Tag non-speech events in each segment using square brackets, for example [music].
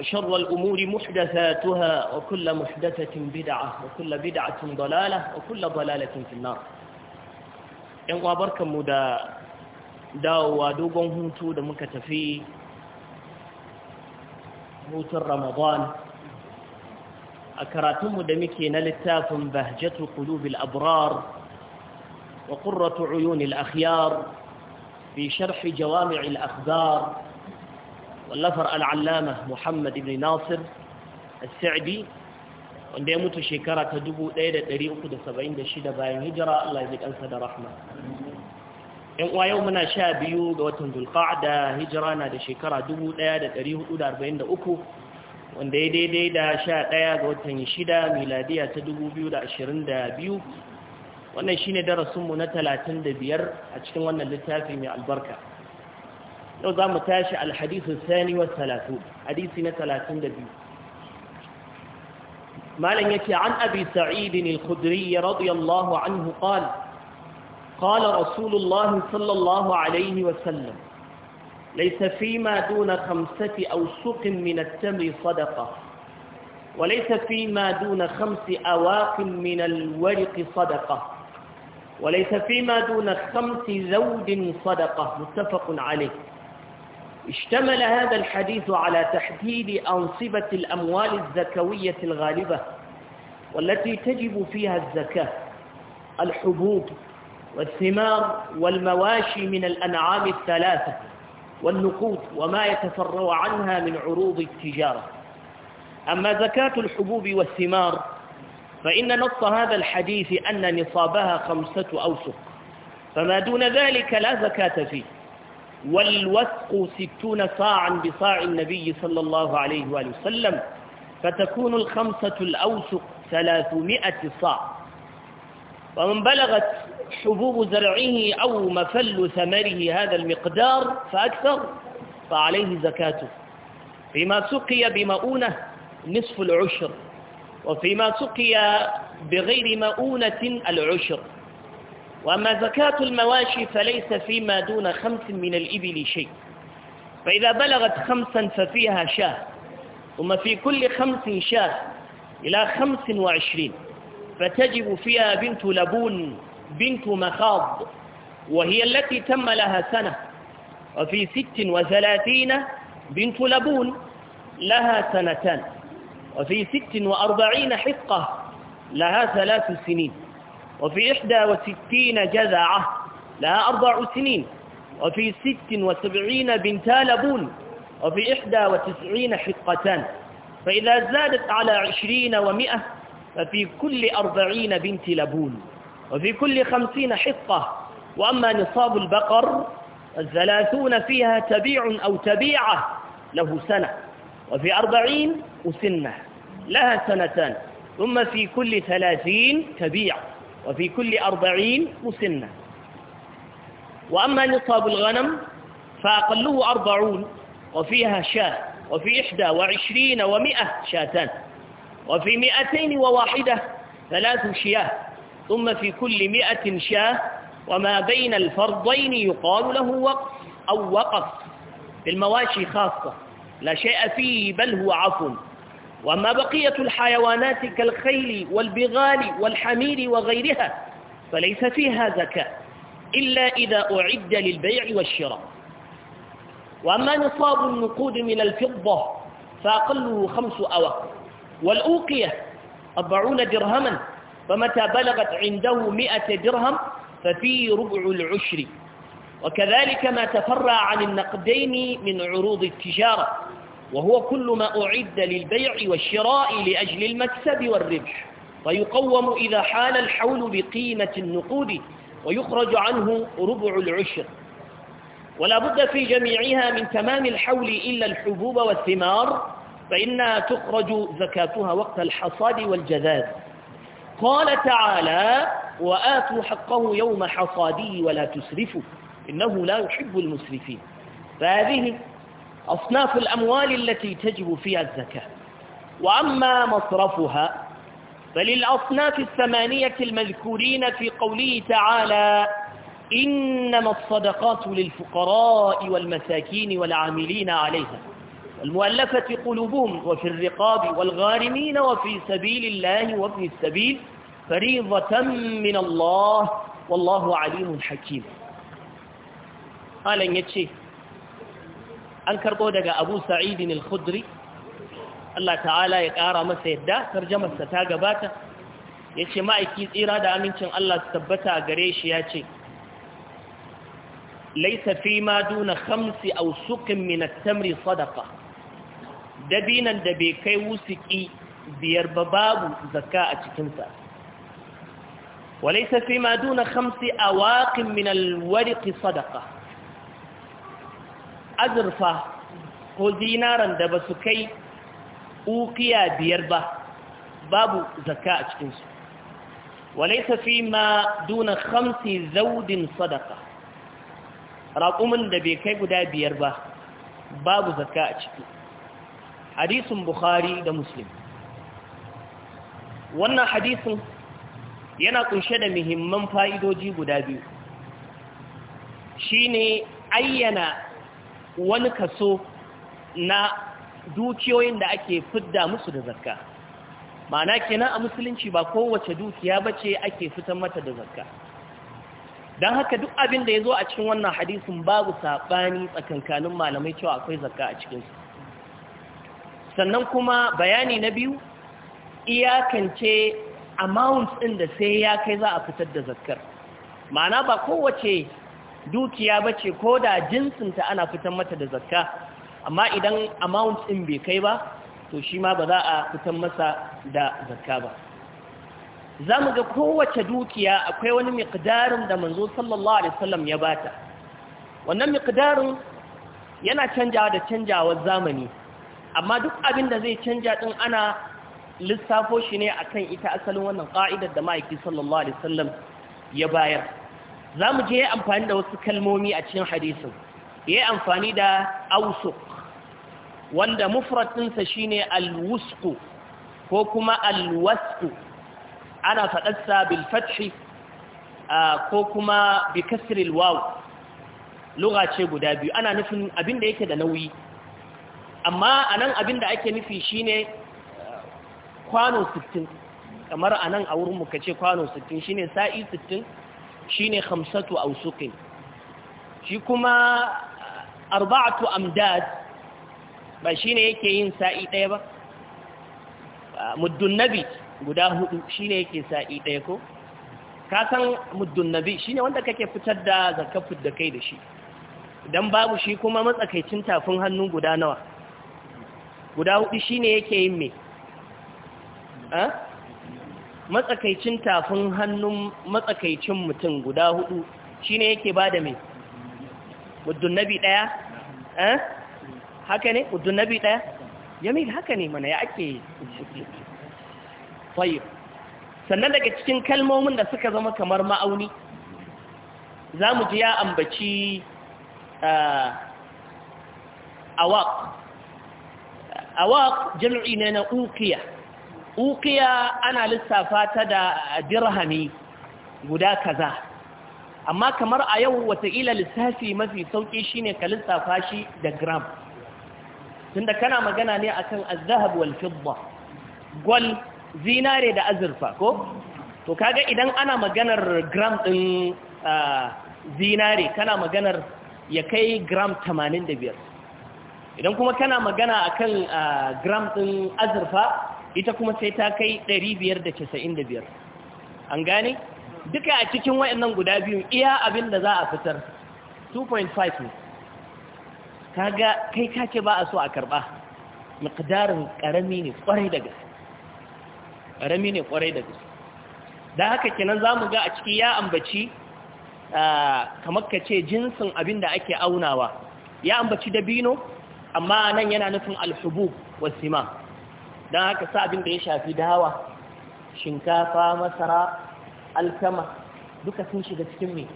وشر الأمور محدثاتها وكل محدثة بدعة وكل بدعة ضلالة وكل ضلالة في النار إن أبرك مدى داو وادوغن هنتو دمك تفي موت رمضان أكراتم دمكين للتاف بهجة قلوب الأبرار وقرة عيون الأخيار في شرح جوامع الأخبار wallafar al'allama muhammad ibn nasir al-sa'di wanda ya mutu shekara ta 1376 bayan hijira Allah ya kansa da rahma yan uwa yau muna sha biyu ga watan zulqa'da hijira na da shekara 1443 wanda ya daidai da sha ɗaya ga watan shida miladiya ta 2022 wannan shine darasinmu na 35 a cikin wannan littafi mai albarka yau za mu tashi alhadisun sani wa talatu hadisi na talatun da biyu malin yake an abi sa'idin al-khudri قال رسول الله صلى الله عليه وسلم ليس فيما دون خمسة أوسق من التمر صدقة وليس فيما دون خمس أواق من الورق صدقة وليس فيما دون خمس زود صدقة متفق عليه اشتمل هذا الحديث على تحديد أنصبة الأموال الزكوية الغالبة والتي تجب فيها الزكاة الحبوب والثمار والمواشي من الأنعام الثلاثة والنقود وما يتفرع عنها من عروض التجارة أما زكاة الحبوب والثمار فإن نص هذا الحديث أن نصابها خمسة أوسق فما دون ذلك لا زكاة فيه والوثق ستون صاعا بصاع النبي صلى الله عليه وآله وسلم فتكون الخمسة الأوسق ثلاثمائة صاع ومن بلغت حبوب زرعه أو مفل ثمره هذا المقدار فأكثر فعليه زكاته فيما سقي بمؤونة نصف العشر وفيما سقي بغير مؤونة العشر وأما زكاة المواشي فليس فيما دون خمس من الإبل شيء فإذا بلغت خمسا ففيها شاه ثم في كل خمس شاه إلى خمس وعشرين فتجب فيها بنت لبون بنت مخاض وهي التي تم لها سنة وفي ست وثلاثين بنت لبون لها سنتان وفي ست وأربعين حقة لها ثلاث سنين وفي إحدى وستين جزعة لها أربع سنين وفي ست وسبعين بنت لبون وفي إحدى وتسعين حقتان فإذا زادت على عشرين ومئة ففي كل أربعين بنت لبون وفي كل خمسين حقة وأما نصاب البقر الثلاثون فيها تبيع أو تبيعة له سنة وفي أربعين أسنة لها سنتان ثم في كل ثلاثين تبيع وفي كل أربعين مسنة وأما نصاب الغنم فأقله أربعون وفيها شاة وفي إحدى وعشرين ومئة شاتان وفي مئتين وواحدة ثلاث شياه ثم في كل مئة شاه وما بين الفرضين يقال له وقف أو وقف في المواشي خاصة لا شيء فيه بل هو عفو وأما بقية الحيوانات كالخيل والبغال والحمير وغيرها فليس فيها زكاة إلا إذا أعد للبيع والشراء وأما نصاب النقود من الفضة فأقله خمس أواق والأوقية أربعون درهما فمتى بلغت عنده مئة درهم ففي ربع العشر وكذلك ما تفرع عن النقدين من عروض التجارة وهو كل ما أعد للبيع والشراء لأجل المكسب والربح فيقوم إذا حال الحول بقيمة النقود ويخرج عنه ربع العشر ولا بد في جميعها من تمام الحول إلا الحبوب والثمار فإنها تخرج زكاتها وقت الحصاد والجذاذ قال تعالى وآتوا حقه يوم حصاده ولا تسرفوا إنه لا يحب المسرفين فهذه أصناف الأموال التي تجب فيها الزكاة وأما مصرفها فللأصناف الثمانية المذكورين في قوله تعالى إنما الصدقات للفقراء والمساكين والعاملين عليها والمؤلفة قلوبهم وفي الرقاب والغارمين وفي سبيل الله وابن السبيل فريضة من الله والله عليم حكيم قال يتشيه an karɓo daga abu sa'idin al-khudri Allah ta'ala ya ƙara masa yadda tarjamarsa ta gabata ya ce ma'aiki tsira da amincin Allah su tabbata a gare shi ya ce laisa fi ma duna khamsi aw suqin min at-tamri sadaqa dabinan da bai kai wusuki biyar ba babu zakka a cikin sa walaysa fi ma duna khamsi awaqin min al-warqi sadaqa azurfa ko zinaran da ba su kai ukiya biyar ba babu zakka a cikinsu walaisa fi ma duna khamsi zaudin sadaka raƙumin da bai kai guda biyar ba babu zakka a ciki hadisin bukhari da muslim wannan hadisun yana kunshe da muhimman fa'idoji guda biyu shi ne ayyana wani kaso na dukiyoyin da ake fidda musu da zakka ma'ana kenan a musulunci ba kowace dukiya ba ce ake fitan mata da zakka don haka duk abin da ya zo a cikin wannan hadisin babu saɓani tsakankanin malamai cewa akwai zakka a cikinsu sannan kuma bayani na biyu iyakance amount ɗin da sai ya kai za a fitar da zakkar ma'ana ba kowace dukiya ba ce ko da jinsinta ana fitan mata da zakka amma idan amount ɗin bai kai ba to shi ma ba za a fitan masa da zakka ba za mu ga kowace dukiya akwai wani miƙdarin da manzo sallallahu alaihi wasallam ya bata wannan miƙdarin yana canjawa da canjawar zamani amma duk abin da zai canja ɗin ana lissafo shi ne akan ita asalin wannan ƙa'idar da ma'aiki sallallahu alaihi wasallam ya bayar za mu je amfani da wasu kalmomi a cikin hadisin ya amfani da ausuk wanda mufratinsa shine alwusku ko kuma alwasku ana faɗarsa bil fathi ko kuma bi waw ce guda biyu ana nufin abin da yake da nauyi amma nan abin da ake nufi ne kwano 60 kamar anan a wurin muka ce kwano 60 ne sa'i shine khamsatu awsuqin shi kuma arba'atu amdad ba shine yake yin sa'i daya ba muddun nabi guda hudu shine yake sa'i daya ko ka san muddun nabi shine wanda kake fitar da zakafin da kai da shi idan babu shi kuma matsakaicin tafin hannu guda nawa guda hudu shine yake yin me eh matsakaicin tafin hannun matsakaicin mutum guda hudu ne yake bada mai muddun nabi daya eh? haka ne muddun nabi daya jamil haka ne mana ya ake yi sannan daga cikin kalmomin da suka zama kamar ma'auni za mu ji ya ambaci awaƙ. Eh, Awak jami'i ne na ukiya. ukiya ana lissafa ta da dirhami guda kaza amma kamar a yau wataƙila lissafi mafi sauƙi shine ka lissafa shi da gram tunda kana magana ne akan az-zahab gwal zinare da azurfa ko to kaga idan ana maganar gram ɗin zinare kana maganar ya kai gram 85 idan kuma kana magana akan gram ɗin azurfa ita kuma sai ta kai 595 an gane duka a cikin wayannan guda biyu iya abin da za a fitar 2.5 ne kaga kai ce ba a so a karba miqdarin karami ne kwarai da karami ne kwarai da dan haka kenan zamu ga a ciki ya ambaci kamar ka ce jinsin abin da ake aunawa ya ambaci dabino amma nan yana nufin alhubub wasima don haka sa abin da ya shafi dawa shinkafa masara alkama duka sun shiga cikin mai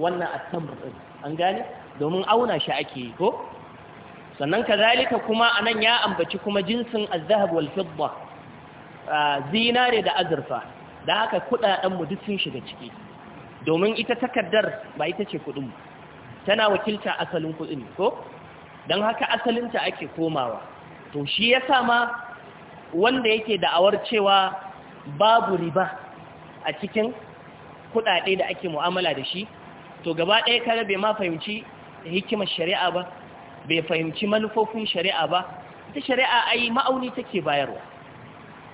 wannan attambar ɗin an gane domin auna shi ake yi ko sannan kazalika kuma anan ya ambaci kuma jinsin azhab wal fidda zinare da azurfa da haka kuɗaɗenmu mu duk sun shiga ciki domin ita takardar ba ita ce kuɗin tana wakilta asalin kuɗi, ko Don haka asalinta ake komawa to shi yasa ma wanda yake da'awar cewa babu riba a cikin kuɗaɗe da ake mu'amala da shi to gaba ɗaya kare bai ma fahimci hikimar shari'a ba bai fahimci manufofin shari'a ba ta shari'a ai ma'auni take bayarwa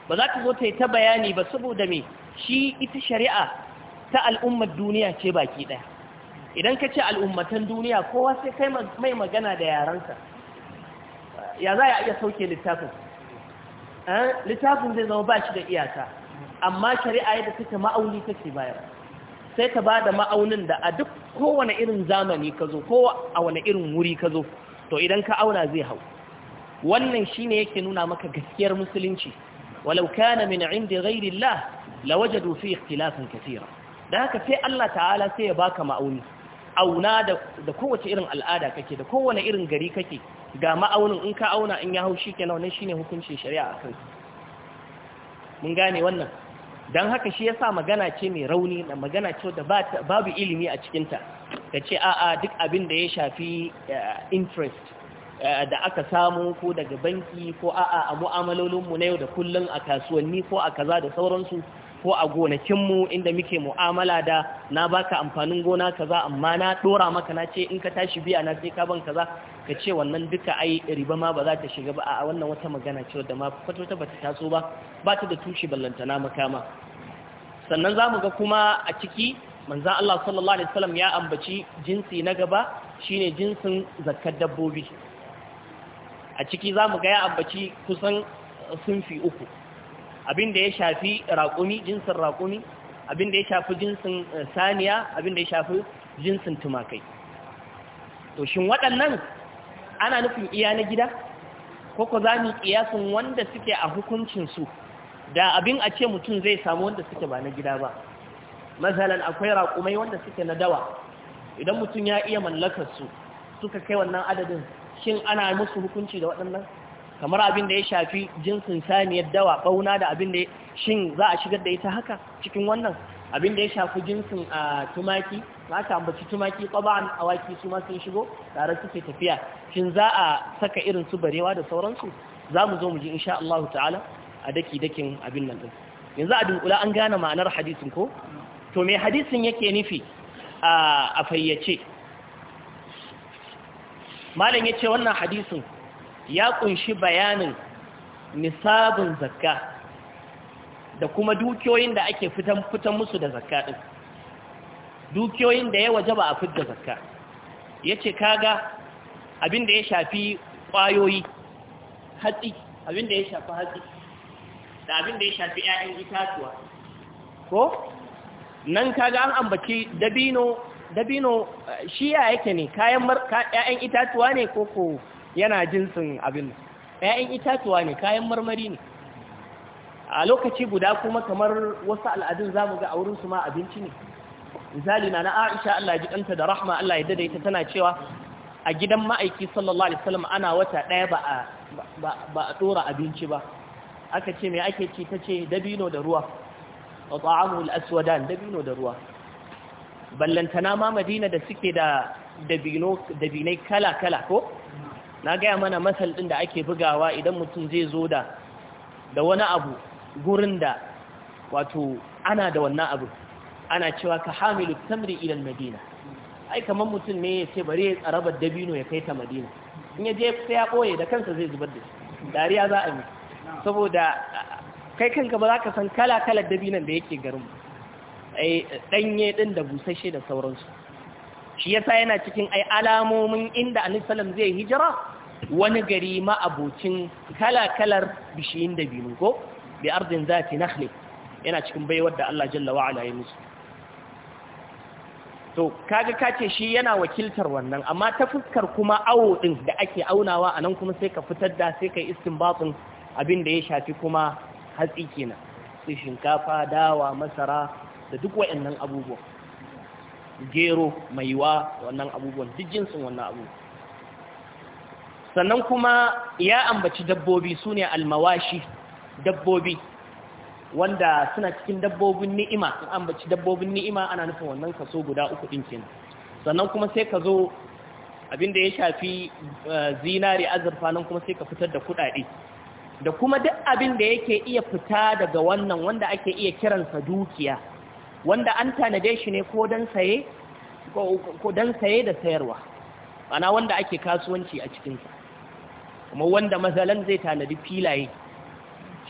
ba za ta zo ta yi ta bayani ba saboda me shi ita shari'a ta al'ummar duniya ce baki ɗaya idan ka ce al'ummatan duniya kowa sai kai mai magana da yaransa ya za a iya sauke littafin Eh, littafin zai zama ba shi da iyaka amma shari'a yadda take ma'auni take bayar sai ta ba da ma'aunin da a duk kowane irin zamani ka zo ko a irin wuri ka zo to idan ka auna zai hau wannan shine yake nuna maka gaskiyar musulunci walau kana min indi ghairi Allah lawajadu fi ikhtilafan kathira da haka sai Allah ta'ala sai ya baka ma'auni auna da kowace irin al'ada kake da kowane irin gari kake ga ma'aunin in ka auna in ya hau shi kenan shi ne hukuncin shari'a a kansu mun gane wannan don haka shi ya sa magana ce mai rauni da magana ce da babu ilimi a cikinta ka ce a'a duk abin da ya shafi eh, interest eh, da aka samu ko daga banki ko a'a a mu'amalolinmu na yau da kullum a kasuwanni ko a kaza da sauransu ko a gonakin mu inda muke mu'amala da na baka amfanin gona kaza amma na dora maka na ce in ka tashi biya na sai ka ban kaza ka ce wannan duka ai riba ma ba za ta shiga ba a wannan wata magana ce wadda ma kwatota ba bata taso ba ba ta da tushe na makama sannan za mu ga kuma a ciki manzan Allah sallallahu Alaihi wasallam ya ambaci jinsi na gaba shine jinsin zakkar dabbobi a ciki za mu ga ya ambaci kusan sunfi uku abin da ya shafi raƙumi jinsin raƙumi abin da ya shafi jinsin eh, saniya abin da ya shafi jinsin tumakai to shin waɗannan ana nufin iya na gida ko ko za mu kiyasin wanda suke a hukuncinsu da abin a ce mutum zai samu wanda suke ba na gida ba masalan akwai raƙumai wanda suke na dawa idan mutum ya iya mallakarsu suka kai wannan adadin shin ana musu hukunci da waɗannan kamar abin da ya shafi jinsin saniyar dawa bauna da abin da shin za a shigar da ita haka cikin wannan abin da ya shafi jinsin a tumaki ta ambaci tumaki ƙwaba'an awaki su ma sun shigo tare suke tafiya shi za a saka irin su barewa da sauransu za mu zo mu ji insha Allah ta'ala a daki dakin abin nan ɗin. yanzu a dunkula an gane ma'anar hadisin ko to me hadisin yake nufi a fayyace malam ce wannan hadisin ya kunshi bayanin nisabin zakka da kuma dukiyoyin da ake fitan fitan musu da zakka din dukiyoyin da ya wajaba a fitar zakka yace kaga abin da ya shafi kwayoyi hatsi abin da ya shafi hatsi da abin da ya shafi ƴaƴan itatuwa ko nan kaga an ambaci dabino dabino eh, shi ya yake ne kayan ƴaƴan itatuwa ne ko yana jinsin abin ɗayan itatuwa ne kayan marmari ne a lokaci guda kuma kamar wasu al'adun za mu ga a wurinsu ma abinci ne misali na na aisha Allah ji ɗanta da rahma Allah ya ta, tana cewa a gidan ma'aiki sallallahu alaihi wasallam ana wata ɗaya ba a ɗora abinci ba aka ce mai ake ci ta ce dabino da ruwa wa ta'amul aswadan dabino da ruwa ballantana ma madina da suke da dabinai kala-kala ko na gaya mana masal ɗin da ake bugawa idan mutum zai zo da da wani abu gurin da wato ana da wannan abu ana cewa ka hamilu tamri ilal madina ai kamar mutum ne ya ce bari ya tsarabar dabino ya kai ta madina in ya je sai ya ɓoye da kansa zai zubar da shi dariya za a yi saboda kai kanka ba za ka san kala kala dabinan da yake garin ɗanye ɗin da busasshe da sauransu shi yasa yana cikin ai alamomin inda annabi zai hijira wani gari ma abocin kala-kalar bishiyin da biyu ko bi ardin zati nakhli yana cikin baiwar da Allah jalla wa ala ya musu to kaga kace shi yana wakiltar wannan amma ta fuskar kuma awo din da ake aunawa anan kuma sai ka fitar da sai kai istinbatin abin da ya shafi kuma hatsi kenan shinkafa dawa masara da duk waɗannan abubuwa gero maiwa wannan abubuwan duk jinsin wannan abu sannan kuma ya ambaci dabbobi su ne almawashi dabbobi wanda suna cikin dabbobin ni'ima an ambaci dabbobin ni'ima ana nufin wannan kaso guda uku ɗin kenan sannan kuma sai ka zo abinda ya shafi eh, zinari azurfa nan kuma sai ka fitar da kuɗaɗe da kuma duk abin da yake iya fita daga wannan wanda ake iya kiransa dukiya wanda an tanade shi ne ko don saye da sayarwa ana wanda ake kasuwanci a cikinsa kuma wanda mazalan zai tanadi filaye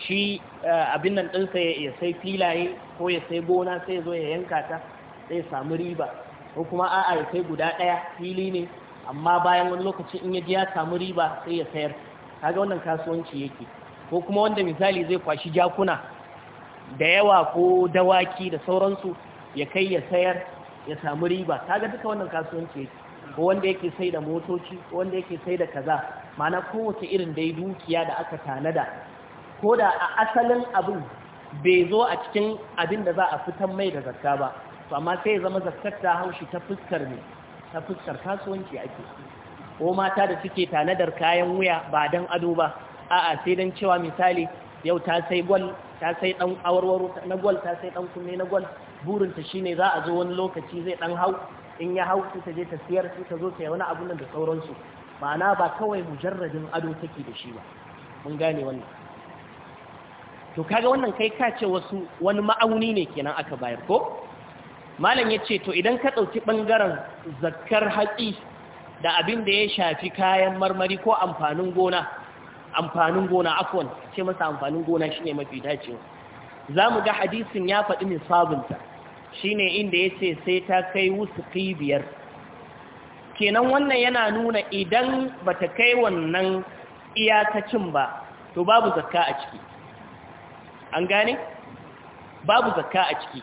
shi eh, abin nan ɗinsa ya sai filaye ko ya sai gona sai ya zo ya yanka ta sai samu riba ko kuma a'a ya sai guda ɗaya fili ne amma bayan wani lokaci in ya ji ya samu riba sai ya sayar kaga wannan kasuwanci yake ko kuma wanda misali zai kwashi jakuna da yawa ko dawaki da sauransu ya kai ya sayar ya samu riba Ta ga duka wannan kasuwanci yake ko wanda yake sai da motoci ko wanda yake sai da kaza mana kowace irin da dai dukiya da aka tanada ko da a asalin abin bai zo a cikin abin da za a fitan mai da zakka ba to amma sai ya zama zakkar ta haushi ta fuskar ne ta fuskar kasuwanci ake ko mata da suke tanadar kayan wuya ba don ado ba a'a sai don cewa misali yau ta sai gwal ta sai dan awarwaro na gwal ta sai dan kunne na gwal burinta shine za a zo wani lokaci zai dan hau in ya hau sai ta je ta siyar sai ta zo ta yi wani abun nan da sauransu ma'ana ba kawai mujarradin ado take da shi ba mun gane wannan to kaga wannan kai ka ce wasu wani ma'auni ne kenan aka bayar ko malam ya ce to idan ka ɗauki ɓangaren zakkar hatsi da abin da ya shafi kayan marmari ko amfanin gona amfanin gona afwan ce masa amfanin gona shine mafi dacewa za mu ga hadisin ya faɗi Shi ne inda ya ce sai ta kai wusu ƙibiyar kenan wannan yana nuna idan ba ta kai wannan iyakacin ba to babu zakka a ciki an gane babu zakka a ciki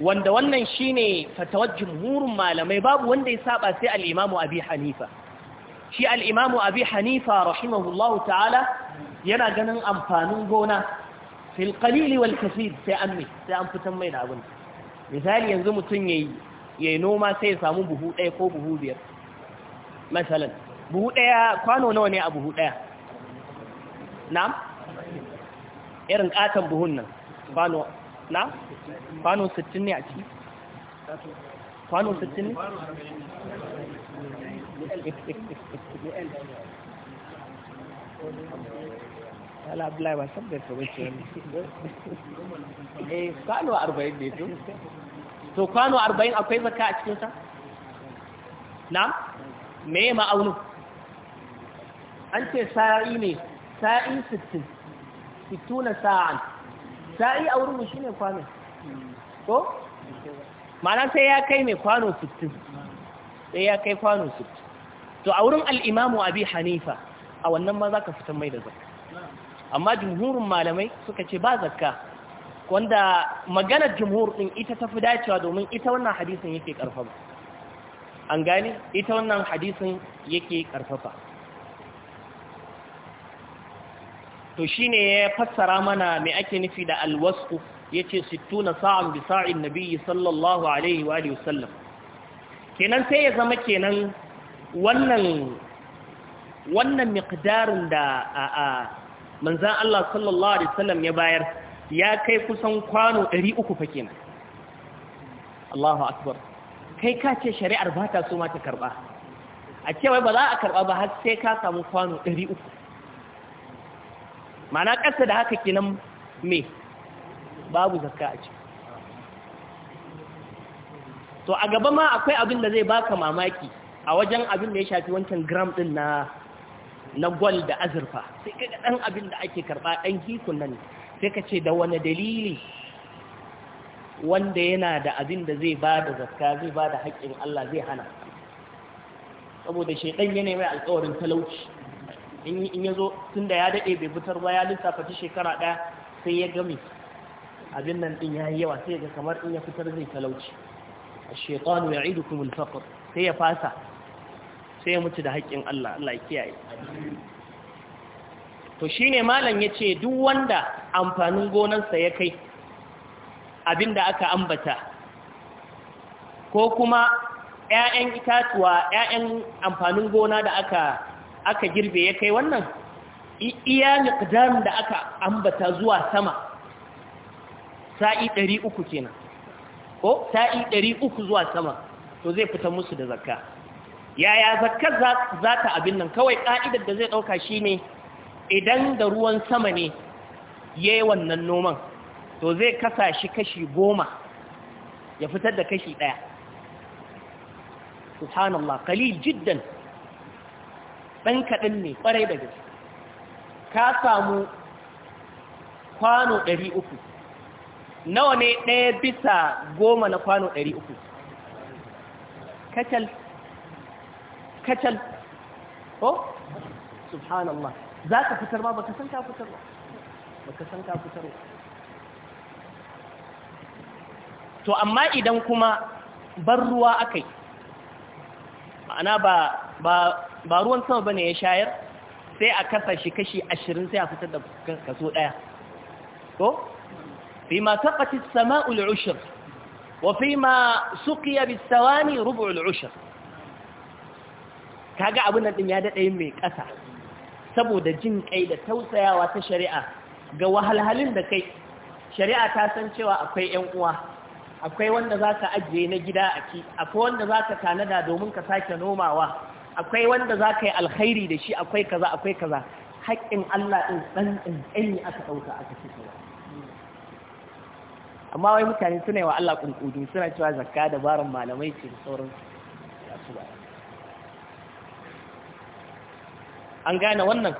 wanda wannan shi ne fatawar jumhurin malamai babu wanda ya saba sai al’imamu abi hanifa shi al'imamu abi hanifa rahimahullahu ta'ala yana ganin amfanin gona fil qalili wal kasir sai an mai sai an fitan mai da abin misali yanzu mutum ya yi noma sai ya samu buhu ɗaya ko buhu biyar masalan buhu ɗaya kwano nawa ne a buhu ɗaya na'am irin katon buhun nan kwano na kwano 60 ne a ciki kwano 60 ne ala ba eh kwano 40 ne to to kwano 40 akwai zakka a cikin sa na me aunu? an ce sa'i ne sa'i 60 sa'an sa'i a wurin shi kwano ko ma'ana sai ya kai mai kwano 60 sai ya kai kwano 60 to a wurin al'imamu abi hanifa a wannan ma za ka fitan mai da zakka amma jimhurin malamai suka ce ba zakka wanda maganar jimhur ɗin ita ta fi dacewa domin ita wannan hadisun yake ƙarfafa an gani ita wannan hadisun yake ƙarfafa to shi ne ya fassara mana mai ake nufi da alwasku ya ce na sa'an bi sa'in sallallahu alaihi wa sallam kenan sai ya zama kenan wannan wannan miqdarin da a a manzan Allah sallallahu alaihi wasallam ya bayar ya kai kusan kwano 300 fa kenan Allahu akbar kai ka ce shari'ar ba ta so ma ta karba a ce wai ba za a karba ba har sai ka samu kwano 300 mana ƙasa da haka kenan me babu zakka a ce, to a gaba ma akwai abin da zai baka mamaki a wajen abin da ya shafi wancan gram ɗin na na gwal da azurfa sai kaga dan abin da ake karba dan kikun nan sai ka ce da wani dalili wanda yana da abin da zai ba da zakka zai ba da haƙƙin Allah zai hana saboda shaidan yana mai alƙawarin talauci in ya zo tun da ya daɗe bai fitar ba ya lissafa ta shekara ɗaya sai ya gami abin nan ɗin ya yi yawa sai ga kamar in ya fitar zai talauci الشيطان يعيدكم الفقر sai ya fasa sai ya mutu da haƙƙin Allah Allah ya kiyaye to shine malam yace duk wanda amfanin gonarsa ya kai abinda aka ambata ko kuma ƴaƴan itatuwa ƴaƴan amfanin gona da aka aka girbe ya kai wannan iya miqdam da aka ambata zuwa sama sa'i 300 kenan ko sa'i 300 zuwa sama to zai fita musu da zakka yaya zakkar za ta abin nan kawai ƙa'idar da zai ɗauka shi ne idan da ruwan sama ne ya yi wannan noman to zai kasa shi kashi goma ya fitar da kashi ɗaya subhanallah kalil jiddan ɗan kaɗin ne ƙwarai da gaske ka samu kwano ɗari uku nawa ne ɗaya bisa goma na kwano ɗari uku kacal kacal ko subhanallah za ka fitar ba baka san ka fitar ba baka san ka fitar ba to amma idan kuma bar ruwa akai ma'ana ba ba ba ruwan sama bane ya shayar sai a kasa shi kashi ashirin sai a fitar da kaso ɗaya. ko fi ma taqati as ushr wa fi ma suqiya bis-sawani rubu' al-'ushr kaga abin nan din ya dade mai ƙasa saboda jin kai da tausayawa ta shari'a ga wahalhalin da kai shari'a ta san cewa akwai ƴan uwa akwai wanda zaka ajiye na gida a ci akwai wanda zaka tanada domin ka sake nomawa akwai wanda zaka yi alkhairi da shi akwai kaza akwai kaza haƙƙin Allah din dan dan aka dauka aka ci amma wai mutane suna yi wa Allah kunkudu suna cewa zakka da barin malamai ce da sauransu ya su ba an gane wannan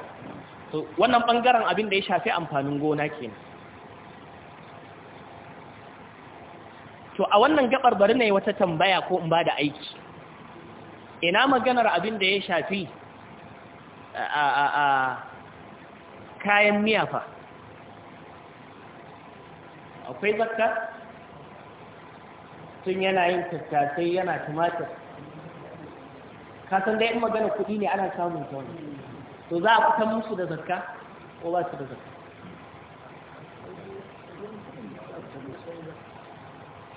to wannan bangaren abin da ya shafi amfanin gona kenan to a wannan gabar bari ne wata tambaya ko in ba da aiki ina maganar abin da ya shafi a kayan miya fa akwai zakka tun yana yin tattasai yana tumatir kasan da yin magana kuɗi ne ana samun ta to za a fitan musu da zarka ko ba su da zarka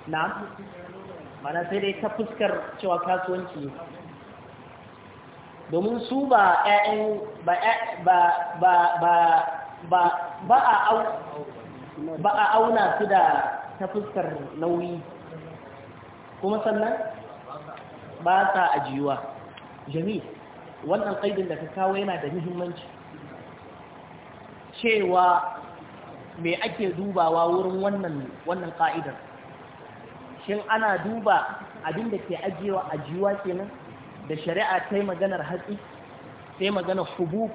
na mana sai dai ta fuskar cewa kasuwanci ne domin su ba ƴaƴan ba ba a auna su da ta fuskar nauyi kuma sannan ba sa ajiyuwa jami'a wannan kaidin da ta kawo yana da muhimmanci cewa me ake dubawa wurin wannan wannan ka'idar shin ana duba abin da ke ajiyewa ajiwa kenan da shari'a ta maganar hatsi sai maganar hubu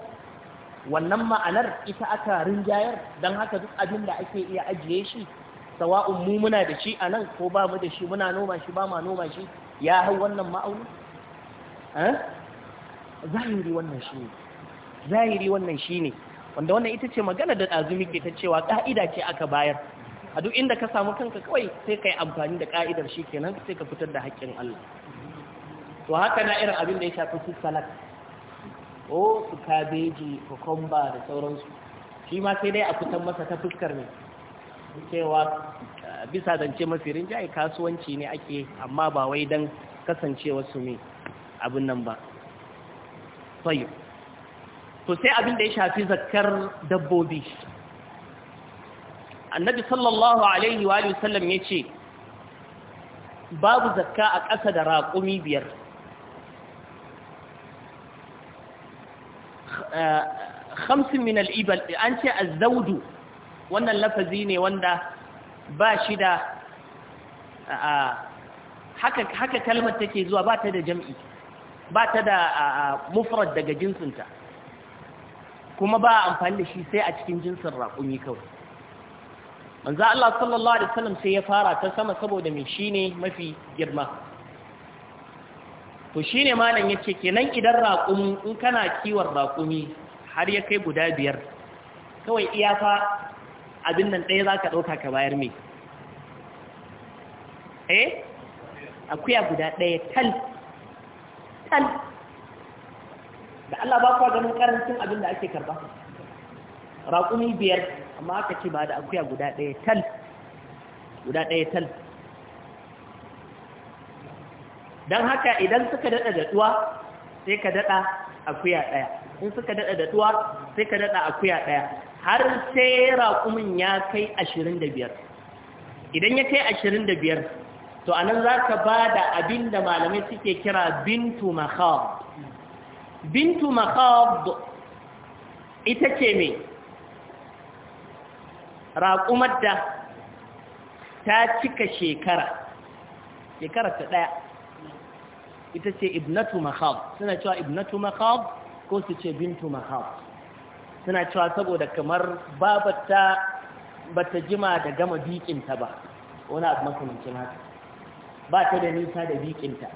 wannan ma'anar ita aka rinjayar don haka duk abin da ake iya ajiye shi sawa'un mu muna da shi a nan ko ba mu da shi muna noma shi ba ma noma shi ya hau wannan ma'auni eh? zahiri wannan shi ne zahiri wannan shi ne wanda wannan ita ce magana da azumi ke ta cewa ƙa'ida ce aka bayar a duk inda ka samu kanka kawai sai ka yi amfani da ƙa'idar shi kenan sai ka fitar da haƙƙin Allah to haka na irin abin da ya shafi su salak ko su kabeji kokomba da sauransu shi ma sai dai a fitar masa ta fuskar ne cewa eh, bisa zance mafirin jai kasuwanci ne ake amma ba wai don kasancewa su ne abin nan ba tsayi to sai abin da ya shafi zakar dabbobi annabi sallallahu alaihi wa sallam ya ce babu zakka a ƙasa da raƙumi biyar khamsin min al'ibal an ce azaudu wannan lafazi ne wanda ba shi da haka kalmar take zuwa ba ta da jam'i ba ta da mufrad daga jinsinta kuma ba a amfani da shi sai a cikin jinsin raƙumi kawai manzo Allah sallallahu alaihi wasallam sai ya fara ta sama saboda me shine mafi girma to shine malam yace kenan idan raƙumi in kana kiwon raƙumi har ya kai guda biyar kawai iyafa abin nan ɗaya zaka ɗauka ka bayar me eh akuya guda ɗaya tal kan da Allah ba ku ganin karancin abin da ake karba raƙumi biyar amma aka ce ba da akuya guda ɗaya tal guda ɗaya tal don haka idan suka daɗa tuwa sai ka daɗa akuya ɗaya in suka daɗa tuwa sai ka daɗa akuya ɗaya har sai raƙumin ya kai ashirin da biyar idan ya kai ashirin da biyar to anan za ka ba da abin da malamai suke kira bintu makhab bintu makhab ita ce mai raƙumar da ta cika shekara shekara ta ɗaya ita ce ibnatu makhab suna cewa ibnatu makhab ko su ce bintu makhab suna cewa saboda kamar babata ta jima da gama bikinta ba wani abu makamancin haka ba ta da nisa da bikinta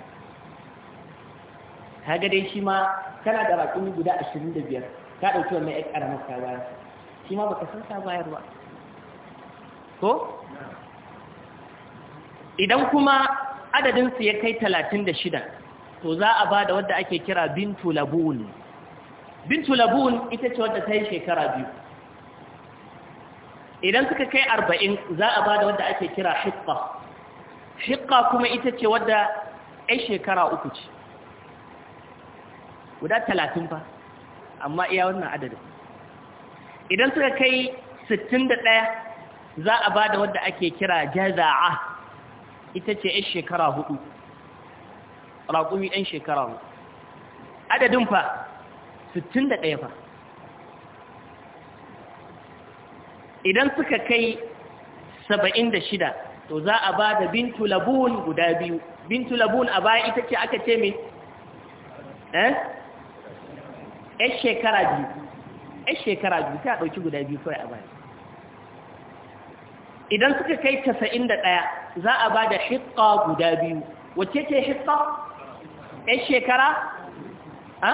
kaga dai shi ma tana da bakin guda ashirin da biyar ɗauki wannan ƴar ƙaramar ta bayar shi ma baka san ta bayar ba ko idan kuma adadinsu ya kai talatin da shida to za a ba da wadda ake kira bintu labun bintu labun ita ce wadda ta yi shekara biyu idan suka kai arba'in za a ba da wadda ake kira hiffa shiƙa kuma ita ce wadda ai shekara uku ce guda talatin fa amma iya wannan adadin idan suka kai sittin da ɗaya za a bada wadda ake kira jaza'a ita ce ai shekara hudu raƙumi ɗan shekara hudu adadin fa sittin da ɗaya fa idan suka kai saba'in da shida to za a ba da bintu labun guda biyu bintu labun a baya ita ce aka ce min eh yan shekara biyu yan shekara biyu ta ɗauki guda biyu kawai a baya idan suka kai casa'in da ɗaya za a ba da shiƙa guda biyu wacce ce shiƙa yan shekara ha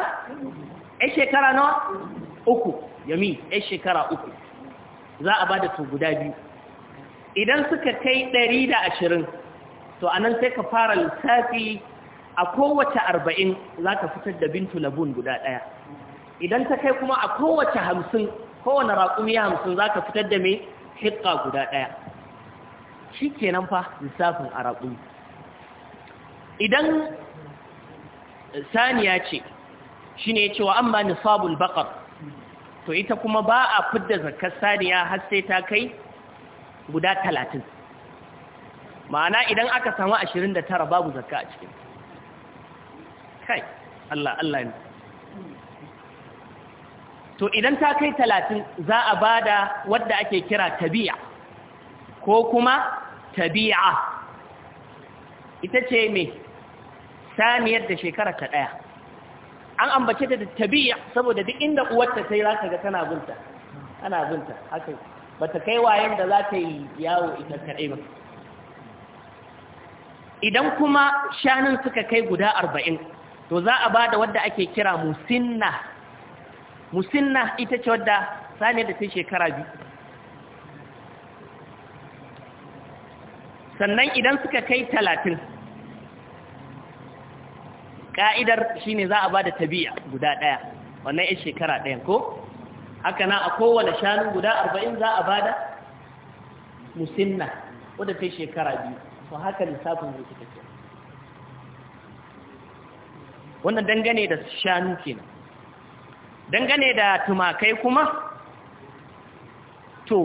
yan shekara nawa uku yami yan shekara uku za a ba da su guda biyu idan suka kai ɗari da ashirin to a nan sai ka fara lissafi a kowace arba'in za ka fitar da bintu labun guda ɗaya idan ta kai kuma a kowace hamsin kowane raƙumi hamsin za ka fitar da mai hiƙa guda ɗaya shi kenan fa lissafin a raƙumi idan saniya ce shi ne cewa an ba nisabul baƙar to ita kuma ba a fidda zarkar saniya har sai ta kai guda talatin ma'ana idan aka samu ashirin da tara babu zakka a cikin kai Allah Allah ne to idan ta kai talatin za a ba da wadda ake kira tabi'a ko kuma tabi'a ita ce mai samiyar da shekara ta ɗaya an ambace da tabi'a saboda duk inda uwarta ta yi za ka ga tana bunta, ana bunta haka ba ta kai wayan da za ta yi yawo ita kaɗai ba idan kuma shanun suka kai guda arba'in to za a ba da wadda ake kira musinna musinna ita ce wadda sani da ta shekara biyu sannan idan suka kai talatin ƙa'idar shi ne za a ba da tabiya guda ɗaya wannan ya shekara ɗayan ko haka na a kowane shanu guda arba'in za a bada musinna wadda ta shekara biyu to haka lissafin zai suka ce wannan dangane da shanu kenan dangane da tumakai kuma to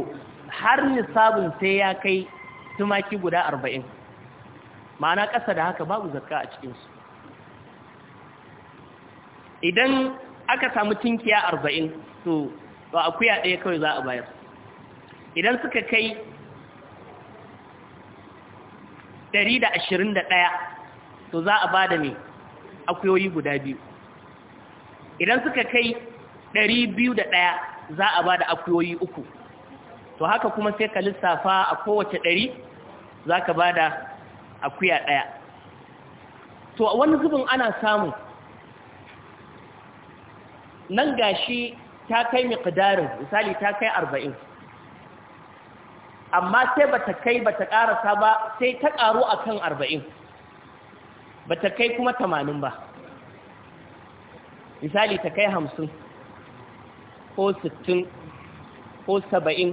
har lissafin sai ya kai tumaki guda arba'in ma'ana ƙasa da haka babu zakka a cikinsu idan aka samu tinkiya arba'in to to akuya ɗaya kawai za a bayar idan suka kai ɗari da da ɗaya, to za a ba da ne akuyoyi guda biyu idan suka kai ɗari biyu da ɗaya, za a ba da akuyoyi uku to haka kuma sai ka lissafa a kowace ɗari za ka ba da akuya ɗaya to a wani zubin ana samu nan gashi ta kai miqdarin misali ta kai arba'in. amma sai bata kai bata karasa ba sai ta a akan arba'in. bata kai kuma tamanin ba misali ta kai hamsin, ko sittin, ko saba'in,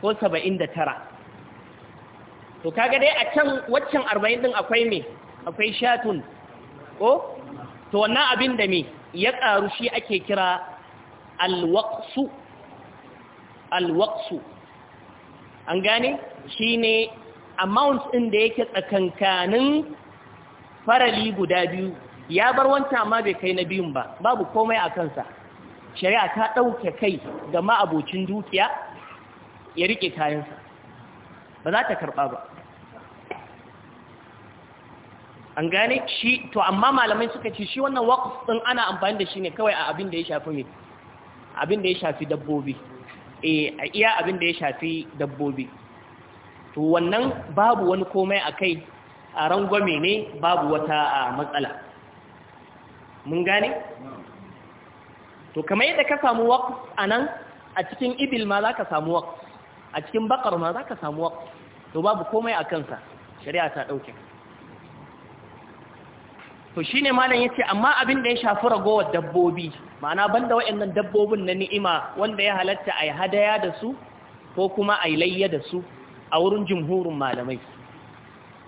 ko saba'in da tara. to kaga dai a can waccan arba'in din akwai me akwai shatun ko to wannan abin da me ya karu shi ake kira alwaqsu alwaqsu an gane Shi ne amount ɗin da yake tsakankanin farali guda biyu ya bar wanta ma bai kai na biyun ba babu komai a kansa shari'a ta ɗauke kai ga ma'abocin dukiya ya riƙe kayansa ba za ta karɓa ba an gane shi to amma malamai suka ce shi wannan waƙus ɗin ana amfani da shi ne kawai a abin da ya shafi mai abin da ya shafi dabbobi eh a iya abin da ya shafi dabbobi to wannan babu wani komai a kai a rangwame ne babu wata matsala mun gane to kamar yadda ka samu waqf anan a cikin ibil ma za ka samu waqf a cikin bakar ma za ka samu waqf to babu komai a kansa shari'a ta ɗauke to shi ne malam ya ce amma abin da ya shafi ragowar dabbobi ma'ana banda wayannan dabbobin na ni'ima wanda ya halatta a yi hadaya da su ko kuma a yi layya da su a wurin jimhurin malamai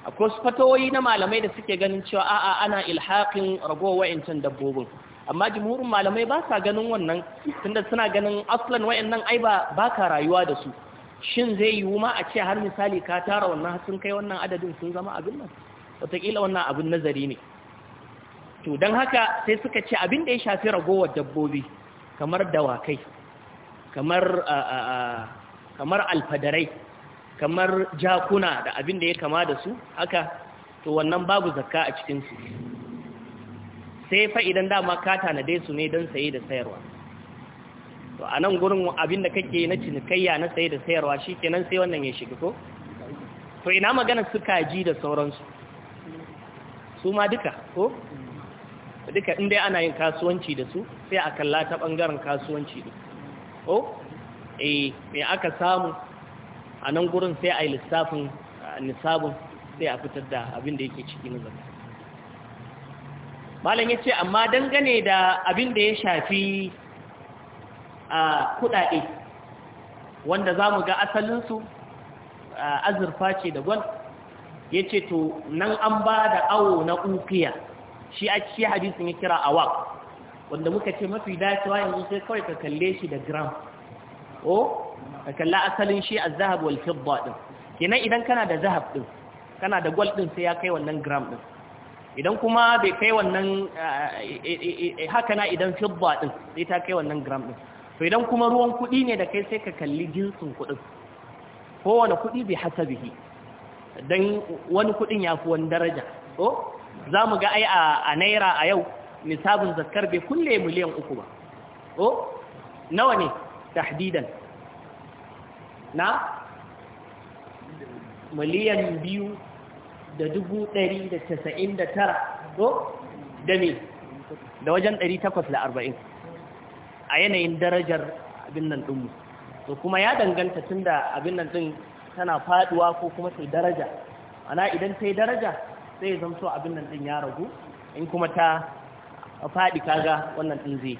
akwai fatawoyi na malamai da suke ganin cewa a'a ana ilhaƙin ragowar wayancan dabbobin amma jimhurin malamai ba sa ganin wannan tunda suna ganin aslan wayannan ai ba baka rayuwa da su shin zai yiwu ma a ce har misali ka tara wannan sun kai wannan adadin sun zama abin nan wataƙila wannan abin nazari ne to don haka sai suka ce abin da ya shafi ragowar dabbobi kamar dawakai kamar alfadarai kamar jakuna da abin da ya kama da su haka to wannan babu zakka a cikinsu sai fa'idan idan dama ka dai su ne don saye da sayarwa to a nan gurin abin da kake na cinikayya na saye da sayarwa shi kenan sai wannan ya shiga ko to ina magana su ji da sauransu su ma duka ko duka inda ana yin kasuwanci da su sai a kalla ta ɓangaren kasuwanci ne ko eh me aka samu a nan gurin sai a yi lissafin nisabin sai a fitar da abin da yake ciki na malam ya ce amma dangane da abin da ya shafi a kuɗaɗe wanda za mu ga asalinsu azurfa ce da gwal ya ce to nan an ba da awo na ukiya shi a cikin hadisin ya kira awak wanda muka ce mafi dacewa yanzu sai kawai ka kalle shi da gram o ka kalla asalin shi az-zahab wal fidda din kenan idan kana da zahab din kana da gold din sai ya kai wannan gram din idan kuma bai kai wannan haka na idan fidda din sai ta kai wannan gram din to idan kuma ruwan kuɗi ne da kai sai ka kalli jinsin kudin kowane kuɗi bai hasabihi don wani kuɗin ya fi wani daraja za mu ga ai a naira a yau nisabin zakar bai kulle miliyan uku ba o nawa ne tahdidan na miliyan biyu da dubu ɗari da casa'in da tara o da ne da wajen ɗari takwas da arba'in a yanayin darajar abin nan ɗinmu to kuma ya danganta tun da abin nan ɗin tana faɗuwa ko kuma sai daraja ana idan sai daraja sai ya zamto abin nan din ya ragu in kuma ta faɗi kaga wannan din zai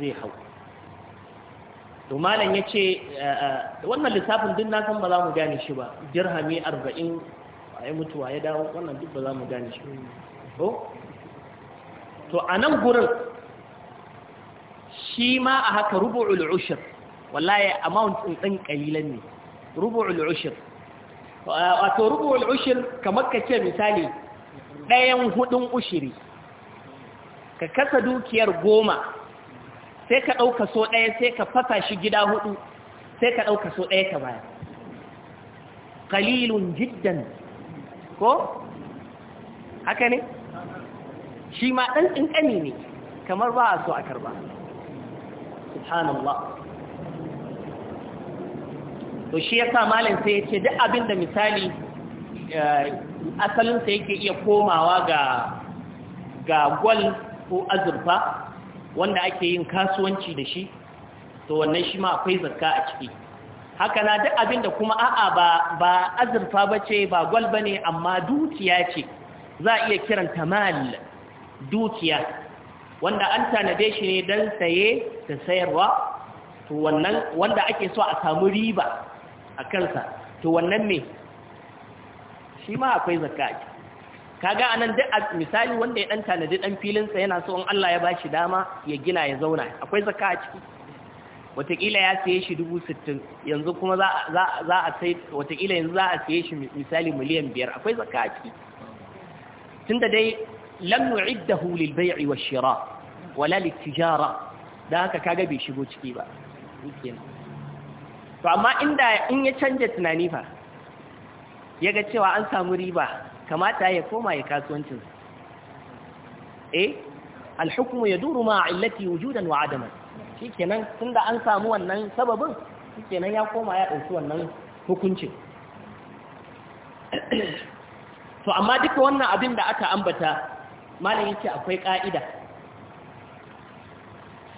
zai hau to malam ya ce eh, wannan lissafin din na san ba za mu gane shi ba dirhami arba'in a yi mutuwa ya dawo wannan duk ba za mu gane shi to a nan gurin shi ma a haka rubu'ul ushir wallahi amount din ɗan ƙalilan ne rubu'ul ushir wato rubuwar ushir kamar ka ce misali ɗayan hudun ushiri ka kasa dukiyar goma sai ka ɗauka so ɗaya sai ka fasa shi gida hudu sai ka ɗauka so ɗaya ka baya kalilun jiddan ko haka ne shi ma ɗan ƙanƙani ne kamar ba a so a karba subhanallah to shi yasa malin sai ya ce duk abin da misali eh, asalinsa yake iya komawa ga ga gwal ko azurfa wanda ake yin kasuwanci da shi to wannan shi ma akwai zakka a ciki haka na duk abin da kuma a'a ba ba azurfa bace ba gwal bane amma dukiya ce za a iya kiranta mal dukiya wanda an tanade shi ne don saye da sayarwa to wannan wanda ake so a samu riba a kansa to wannan ne shi ma akwai zakka kaga anan duk misali wanda ya dan tanadi dan filinsa yana so in Allah ya bashi dama ya gina ya zauna akwai zakka ciki watakila ya saye shi dubu sittin yanzu kuma za a sai watakila yanzu za a saye shi misali miliyan biyar akwai zakka a ciki tunda dai lam nu'iddahu lil bai'i wash shira wala lit tijara dan haka kaga bai shigo ciki ba kenan to amma inda in ya canja tunani fa ya ga cewa an samu riba kamata ya koma ya kasuwancin eh al ya yaduru ma illati wujudan wa adaman shikenan tunda an samu wannan sababin shikenan ya koma ya dauki wannan hukuncin [coughs] to amma duka wannan abin da aka ambata malam yace akwai ka'ida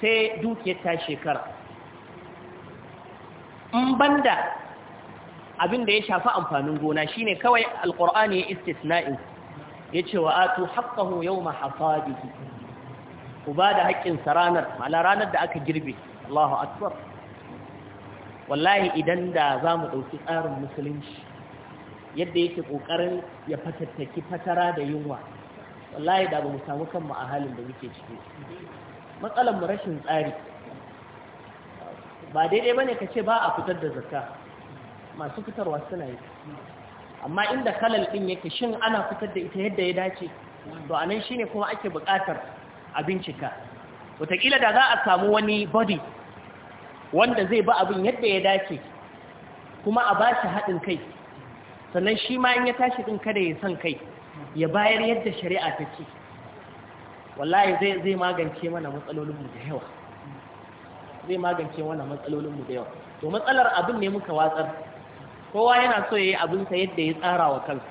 sai dukiyar ta shekara in banda abin da ya shafi amfanin gona shine kawai alqur'ani ya istisna'in yace wa atu haqqahu yawma hasadihi ku ba da haƙƙin sa ranar mala ranar da aka girbe Allahu akbar wallahi idan da zamu dauki tsarin musulunci yadda yake kokarin ya fatattaki fatara da yunwa wallahi da ba mu samu kanmu a halin da muke ciki matsalar mu rashin tsari ba daidai ba ne ka ce ba a fitar da zakka masu fitarwa suna yi amma inda kalal ɗin yake shin ana fitar da ita yadda ya dace to a shi shine kuma ake buƙatar a bincika wataƙila da za a samu wani body wanda zai ba abin yadda ya dace kuma a ba shi haɗin kai sannan shi ma in ya tashi ɗin kada ya san kai ya bayar yadda shari'a ta ce wallahi zai magance mana matsalolinmu da yawa zai magance wannan matsalolin mu da yau to matsalar abin ne muka watsar kowa yana so yayi abin sa yadda ya tsara wa kansa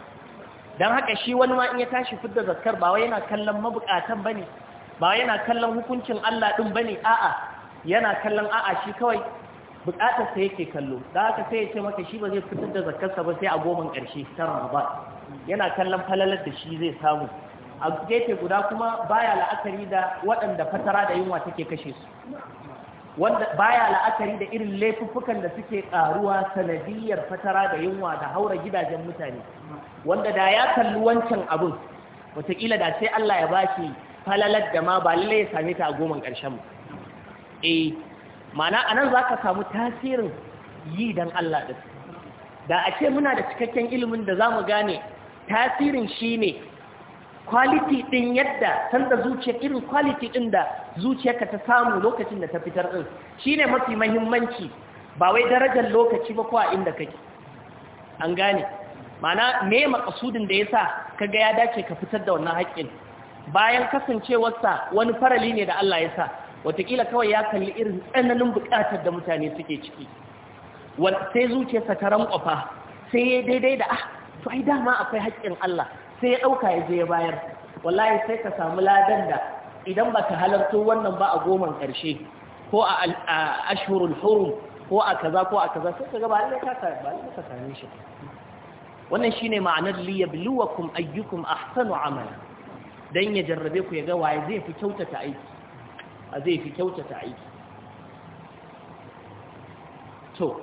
dan haka shi wani ma in ya tashi fidda zakkar ba wai yana kallon mabukatan bane ba yana kallon hukuncin Allah din bane a'a yana kallon a'a shi kawai bukatar sa yake kallo dan haka sai ya ce maka shi ba zai fitar da zakkar sa ba sai a goman karshe ta ba. yana kallon falalar da shi zai samu a gefe guda kuma baya la'akari da waɗanda fatara da yunwa take kashe su wanda baya la'akari da irin laifuffukan da suke karuwa sanadiyar fatara da yunwa da haura gidajen mutane wanda da ya kalli wancan abin wataƙila da sai Allah ya bashi falalar da ma ba lallai ya same ta a goman ƙarshen mu eh mana anan zaka samu tasirin yi dan Allah da a ce muna da cikakken ilimin da zamu gane tasirin shine Kwaliti ɗin yadda sanda zuciya irin kwaliti din da zuciyarka ta samu lokacin da ta fitar din shine mafi muhimmanci ba wai darajar lokaci ba ko a inda kake an gane mana me makasudin da ya yasa kaga ya dace ka fitar da wannan haƙƙin bayan kasancewarsa wani farali ne da Allah ya sa wataƙila kawai ya kalli irin tsananin buƙatar da mutane suke ciki sai zuciyarsa ta rankwafa sai ya daidai da ah to ai dama akwai haƙƙin Allah sai ya ɗauka ya je ya bayar wallahi sai ka samu ladan da idan ba ka halarto wannan ba a goman ƙarshe ko a ashhurul hurum ko a kaza ko a kaza sai ka ga ba lalle ka ba lalle ka same shi wannan shine ma'anar li yabluwakum ayyukum ahsanu amala dan ya jarrabe ku ya ga waye zai fi kyautata aiki a zai fi kyautata aiki to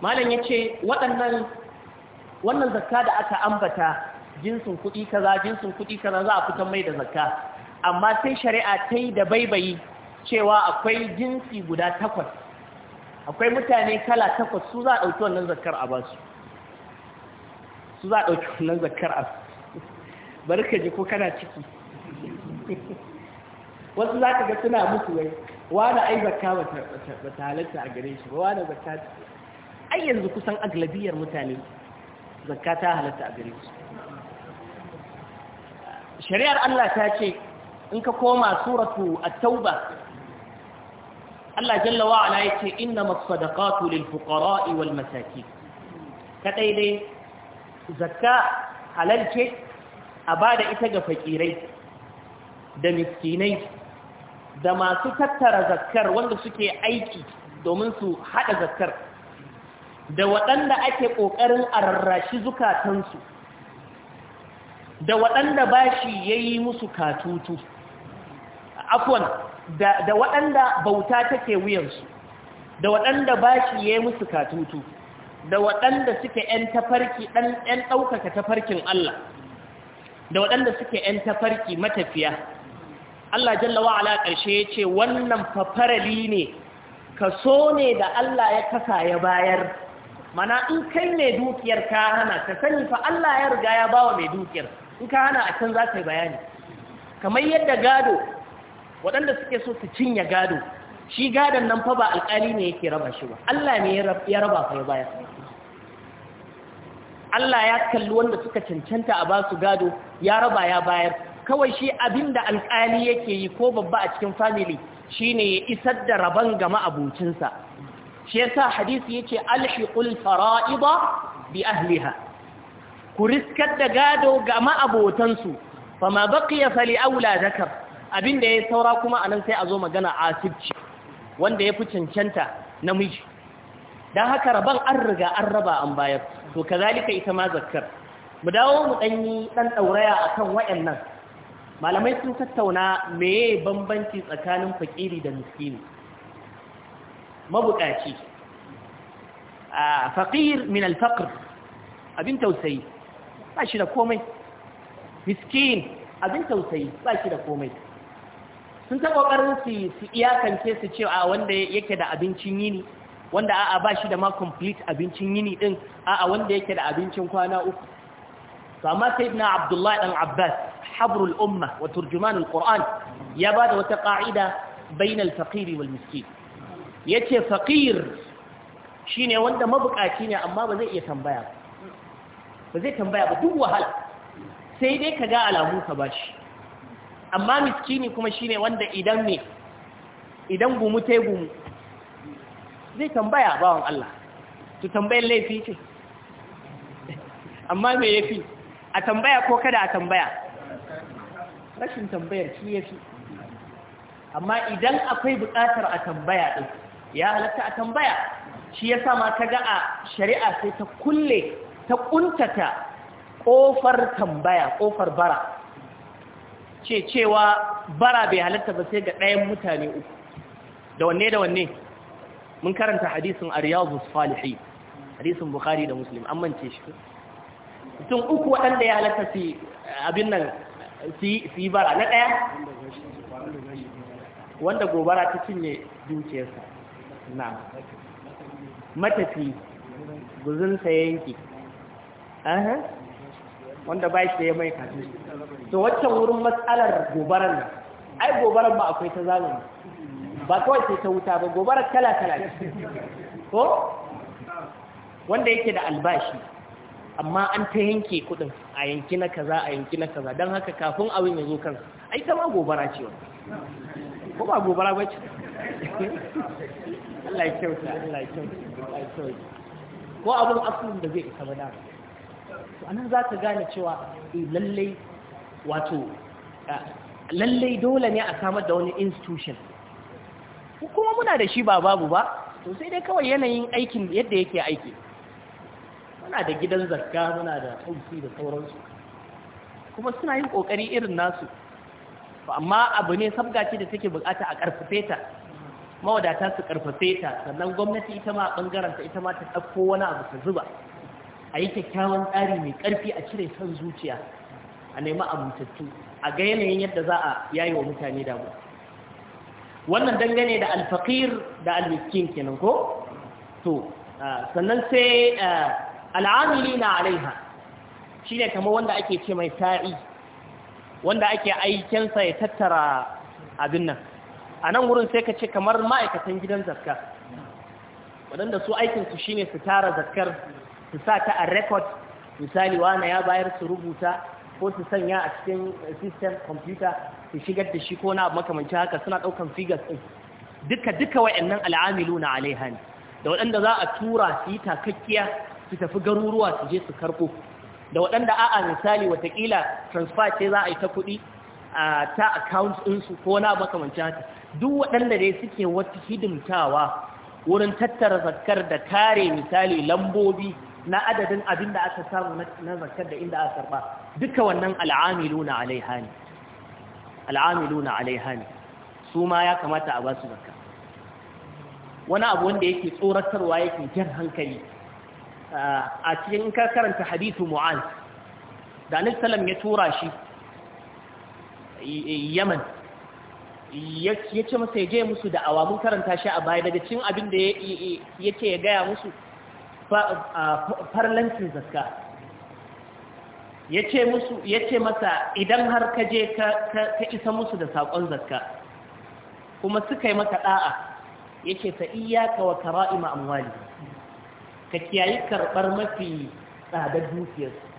malam yace waɗannan wannan zakka da aka ambata jinsin kuɗi kaza jinsin kuɗi kaza za a fitan mai da zakka amma sai shari'a ta yi da baibayi cewa akwai jinsi guda takwas akwai mutane kala takwas su za a ɗauki wannan zakkar a basu su za a ɗauki wannan zakkar a [laughs] bari ka ji ko kana ciki [laughs] wasu za ka ga suna mutu wai wani ai zakka ba ta halatta a gare shi ba wani zakka ai yanzu kusan aglabiyar mutane zakka ta halatta a gare su shari'ar Allah ta ce in ka koma suratu at-tauba Allah jalla wa ala yace innamas sadaqatu lil fuqara'i wal masakin ka dai zakka halarce a bada ita ga fakirai da miskinai da masu tattara zakkar wanda suke aiki domin su hada zakkar da waɗanda ake ƙoƙarin a rarrashi zukatansu da waɗanda ba shi ya yi musu katutu afon da waɗanda bauta take wuyansu da waɗanda ba shi ya yi musu katutu da waɗanda suke ‘yan tafarki ɗan ɗaukaka tafarkin Allah da waɗanda suke ‘yan tafarki matafiya Allah jallawa ala ƙarshe ya ce wannan fafarali ne kaso ne da Allah ya kasa ya bayar mana in kai mai dukiyar ka hana ka sani fa Allah ya riga ya bawa mai dukiyar in ka hana a can za ka bayani kamar yadda gado waɗanda suke so su cinye gado shi gadon nan fa ba alƙali ne yake raba shi ba Allah ne ya raba ka ya bayar Allah ya kalli wanda suka cancanta a basu gado ya raba ya bayar kawai shi abin da alƙali yake yi ko babba a cikin family shine ya isar da rabon ga ma'abucinsa shi yasa hadisi yace alhiqul fara'ida bi ahliha ku riskar da gado ga ma'abotan su fama baqiya fali aula zakar abinda yayi saura kuma anan sai a zo magana asibci wanda yafi cancanta namiji dan haka raban an riga an raba an bayar to kazalika ita ma Zakar. mu dawo mu danyi dan dauraya akan wayannan malamai sun tattauna meye bambanci tsakanin fakiri da miskini mabukaci a faqir min al abin tausayi ba shi da komai miskin abin tausayi ba shi da komai sun taɓa kokarin su iyakance su ce a wanda yake da abincin yini wanda a'a ba shi da ma complete abincin yini ɗin, a'a wanda yake da abincin kwana uku to amma sayyidina abdullahi Ɗan abbas habrul umma wa turjumanul qur'an ya bada wata ƙa'ida bainal fakiri wal miskin ya ce faƙir shi ne wanda mabuƙaci ne amma ba zai iya tambaya ba zai tambaya ba duk wahala sai dai ka ga alamu ka ba shi amma miskini kuma shi ne wanda idan ne, idan gumu ta gumu zai tambaya bawan Allah to tambayar laifi ce [laughs] amma me ya fi a tambaya ko kada a tambaya rashin tambayar shi ya fi amma idan akwai buƙatar a tambaya ɗin ya halatta a tambaya shi ya sama ma ga a shari'a sai ta kulle ta kuntata kofar tambaya kofar bara ce cewa bara bai halatta ba sai ga ɗayan mutane uku da wanne da wanne mun karanta hadisun aryazu falihi hadisun bukari da musulmi an mance shi mutum uku waɗanda ya halatta su abin nan su yi bara na ɗaya wanda gobara ta cinye dukiyarsa na matafi guzunsa ya yanki wanda ba shi ya mai kaji to waccan wurin matsalar gobarar nan ai gobarar ba akwai ta zamani ba kawai sai ta wuta ba gobarar kala-kala ce ko wanda yake da albashi amma an ta yanke kudin a yanki na kaza a yanki na kaza don haka kafin abin ya zo kansa ai ta ma gobara ce wa ko ba gobara ba ce Allah ya kyauta Allah ya kyauta ko abun asalin da zai isa ba da to anan za ka gane cewa eh, lallai wato lallai dole ne a samar da wani institution kuma muna da shi ba babu ba to sai dai kawai yanayin aikin yadda yake aiki muna da gidan zakka muna da tausi da sauransu kuma suna yin kokari irin nasu amma abu ne sabgaci da take bukata a karfafeta ta mawadata su karfafe ta sannan gwamnati ita ma a ɓangaranta ita ma ta ɗauko wani abu ta zuba a yi kyakkyawan tsari mai ƙarfi a cire son zuciya a nemi amintattu a ga yanayin yadda za a yayi wa mutane damu wannan dangane da alfaqir da almiskin kenan ko to sannan sai al'amilina alaiha shine kamar wanda ake ce mai sa'i wanda ake aikensa ya tattara abin nan a nan wurin sai ka ce kamar ma'aikatan gidan zakka waɗanda su aikinsu shi ne su tara zakkar su sa ta a rekod misali wane ya bayar su rubuta ko su sanya a cikin system computer su shigar da shi ko na makamanci haka suna ɗaukan figures ɗin duka duka nan al'amilu na alaiha ne da waɗanda za a tura su yi takakkiya su tafi garuruwa su je su karɓo da waɗanda a'a misali watakila transfer ce za a yi ta kuɗi ta account ɗinsu ko na makamancin haka duk waɗanda dai suke wata hidimtawa wurin tattara zakar da kare misali lambobi na adadin abin da aka samu na zakar da inda aka karɓa duka wannan al'amiluna alaiha ne al'amiluna alaiha ne su ma ya kamata a ba su zakka wani abu wanda yake tsoratarwa yake jan hankali a cikin karanta hadithu mu'az da annabi sallam ya tura shi Eh, yaman ya ce masa ya je musu da mun karanta shi a baya daga cin abin da ya ce ya gaya musu farlancin zaska ya ce masa idan har ka je ka isa musu da saƙon zaska kuma suka yi maka ɗa'a ya ce ta iya kawa kara'ima amwali ka kiyayi karɓar mafi tsadar dukiyarsu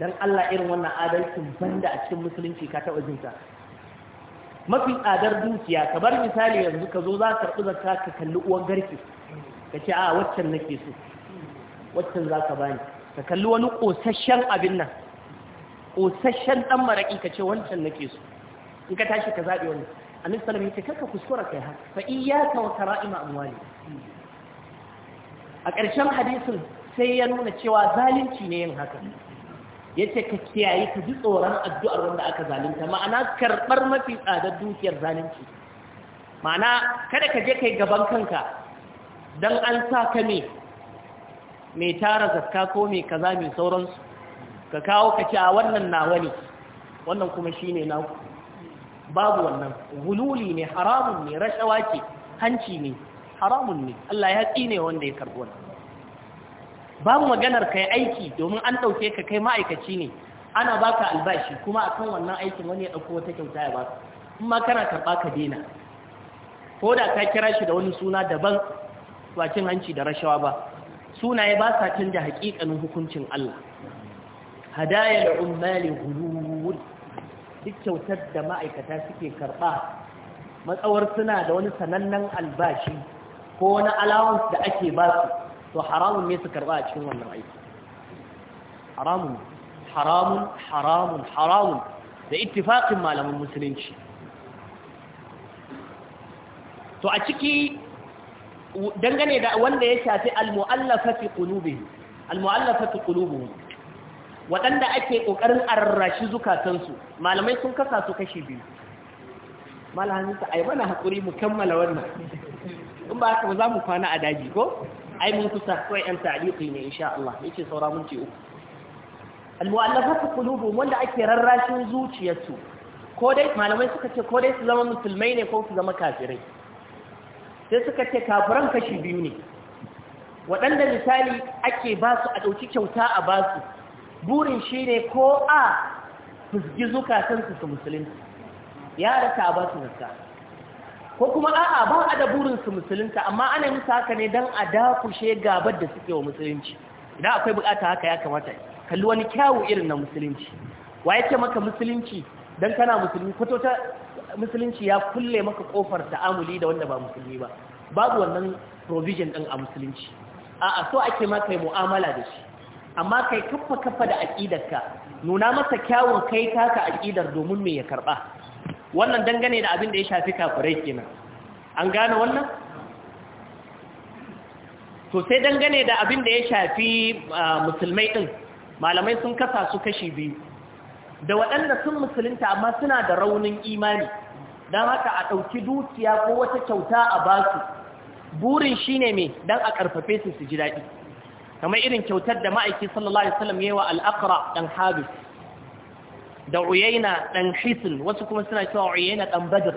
Don Allah irin wannan adalcin banda a cikin musulunci ka taɓa jin ta mafi tsadar dukiya ka bar misali yanzu ka zo za ka karɓi zakka ka kalli uwar garki ka ce a waccan nake so waccan za ka bani ka kalli wani ƙosasshen abin nan ƙosasshen ɗan maraƙi ka ce wancan nake so in ka tashi ka zaɓi wani annabi sallallahu alaihi wasallam kuskura kai haka fa iyyaka wa kara'ima amwali a ƙarshen hadisin sai ya nuna cewa zalunci ne yin haka yace ka kiyaye ka ji tsoron addu'ar wanda aka zalunta ma'ana karɓar mafi tsadar dukiyar zalunci ma'ana kada ka je kai gaban kanka dan an sa ka me mai tara zakka ko mai kaza mai sauransu ka kawo ka ci a wannan nawa ne wannan kuma shine naku babu wannan hululi ne haramun ne rashawa ce hanci ne haramun ne Allah ya tsine wanda ya karɓi wannan babu maganar kai aiki domin an ɗauke ka kai ma'aikaci ne ana baka albashi kuma akan wannan aikin wani ya ɗauko wata kyauta ya baka in ma kana karɓa ka dena ko da ka kira shi da wani suna daban wacin cin hanci da rashawa ba sunaye ba sa canja haƙiƙanin hukuncin Allah hadaya da ummali hulul duk kyautar da ma'aikata suke karɓa matsawar suna da wani sanannen albashi ko wani allowance da ake ba su to haramun ne su karba a cikin wannan aiki haramun haramun haramun haramun da ittifaqin malaman musulunci to a ciki dangane da wanda ya shafi almu'allafati qulubihi almu'allafati qulubuhum wadanda ake kokarin arrashi zukatansu malamai sun kasa su kashi biyu malamin sa ai mana hakuri mu kammala wannan in ba haka ba za mu kwana a daji ko ai mun kusa kawai yan ta'liqi ne insha Allah yace saura mun ce uku almu'allafatu qulubuhum wanda ake rarrashin zuciyarsu ko dai malamai suka ce ko dai su zama musulmai ne ko su zama kafirai sai suka ce kafiran kashi biyu ne waɗanda misali ake ba su a ɗauki kyauta a ba su burin shi ne ko a gizu zukatan su musulunci ya rasa a ba su ko kuma a'a ba a da burin su musulunta amma ana musu haka ne dan a dakushe gabar da suke wa musulunci idan akwai bukata haka ya kamata kalli wani kyawu irin na musulunci wa yake maka musulunci dan kana musulmi kwato ta musulunci ya kulle maka kofar ta'amuli da wanda ba musulmi ba babu wannan provision din a musulunci a'a so ake ma kai mu'amala da shi amma kai kaffa kaffa da aqidarka nuna masa kyawun kai taka aqidar domin me ya karba wannan dangane da abin da ya shafi kafirai kenan an gane wannan to sai dangane da abin da ya shafi musulmai din malamai sun kasa su kashi biyu da waɗanda sun musulunta amma suna da raunin imani don haka a ɗauki dukiya ko wata kyauta a basu burin shi ne mai don a ƙarfafe su su ji daɗi kamar irin kyautar da ma'aiki sallallahu alaihi wasallam yawa al'akara ɗan habis da uyaina dan hisin wasu kuma suna cewa uyaina dan badr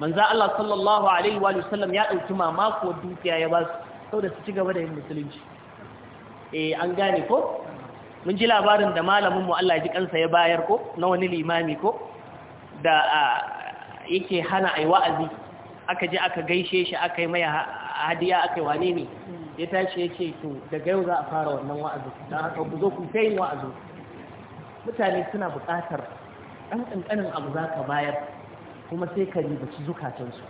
manzo Allah sallallahu alaihi wa sallam ya dauki mamako dukiya ya basu, saboda su ci gaba da yin musulunci eh an gane ko mun ji labarin da malamin mu Allah ya ji kansa ya bayar ko na wani limami ko da yake hana ai wa'azi aka je aka gaishe shi aka yi mai hadiya aka yi wane ne mm. ya tashi yake to daga yau za a fara wannan wa'azi da haka ku zo ku kai wa'azi mutane suna buƙatar ɗan ƙanƙanin abu za ka bayar kuma sai ka su zukatansu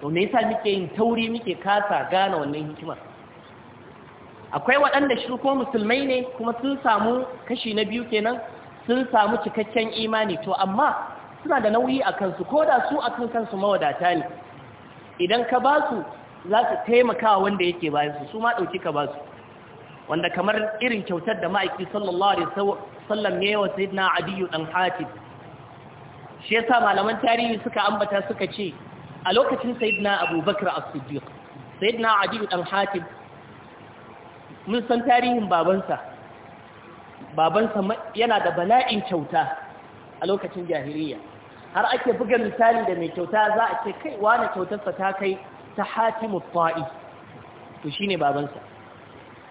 to me yasa muke yin tauri muke kasa gane wannan hikimar akwai waɗanda shi ko musulmai ne kuma sun samu kashi na biyu kenan sun samu cikakken imani to amma suna da nauyi a kansu ko da su akan kansu mawadata ne idan ka ba su za su taimaka wanda yake bayan su su ma ɗauki ka ba su wanda kamar irin kyautar da ma'aiki sallallahu alaihi sallam ya wa sayyidina adiyu dan hatim shi yasa malaman tarihi suka ambata suka ce a lokacin sayyidina abubakar as-siddiq sayyidina adiyu dan hatim mun san tarihin babansa babansa yana da bala'in kyauta a lokacin jahiliya har ake buga misali da mai kyauta za a ce kai wani kyautarsa ta kai ta hatimu fa'i to shi ne babansa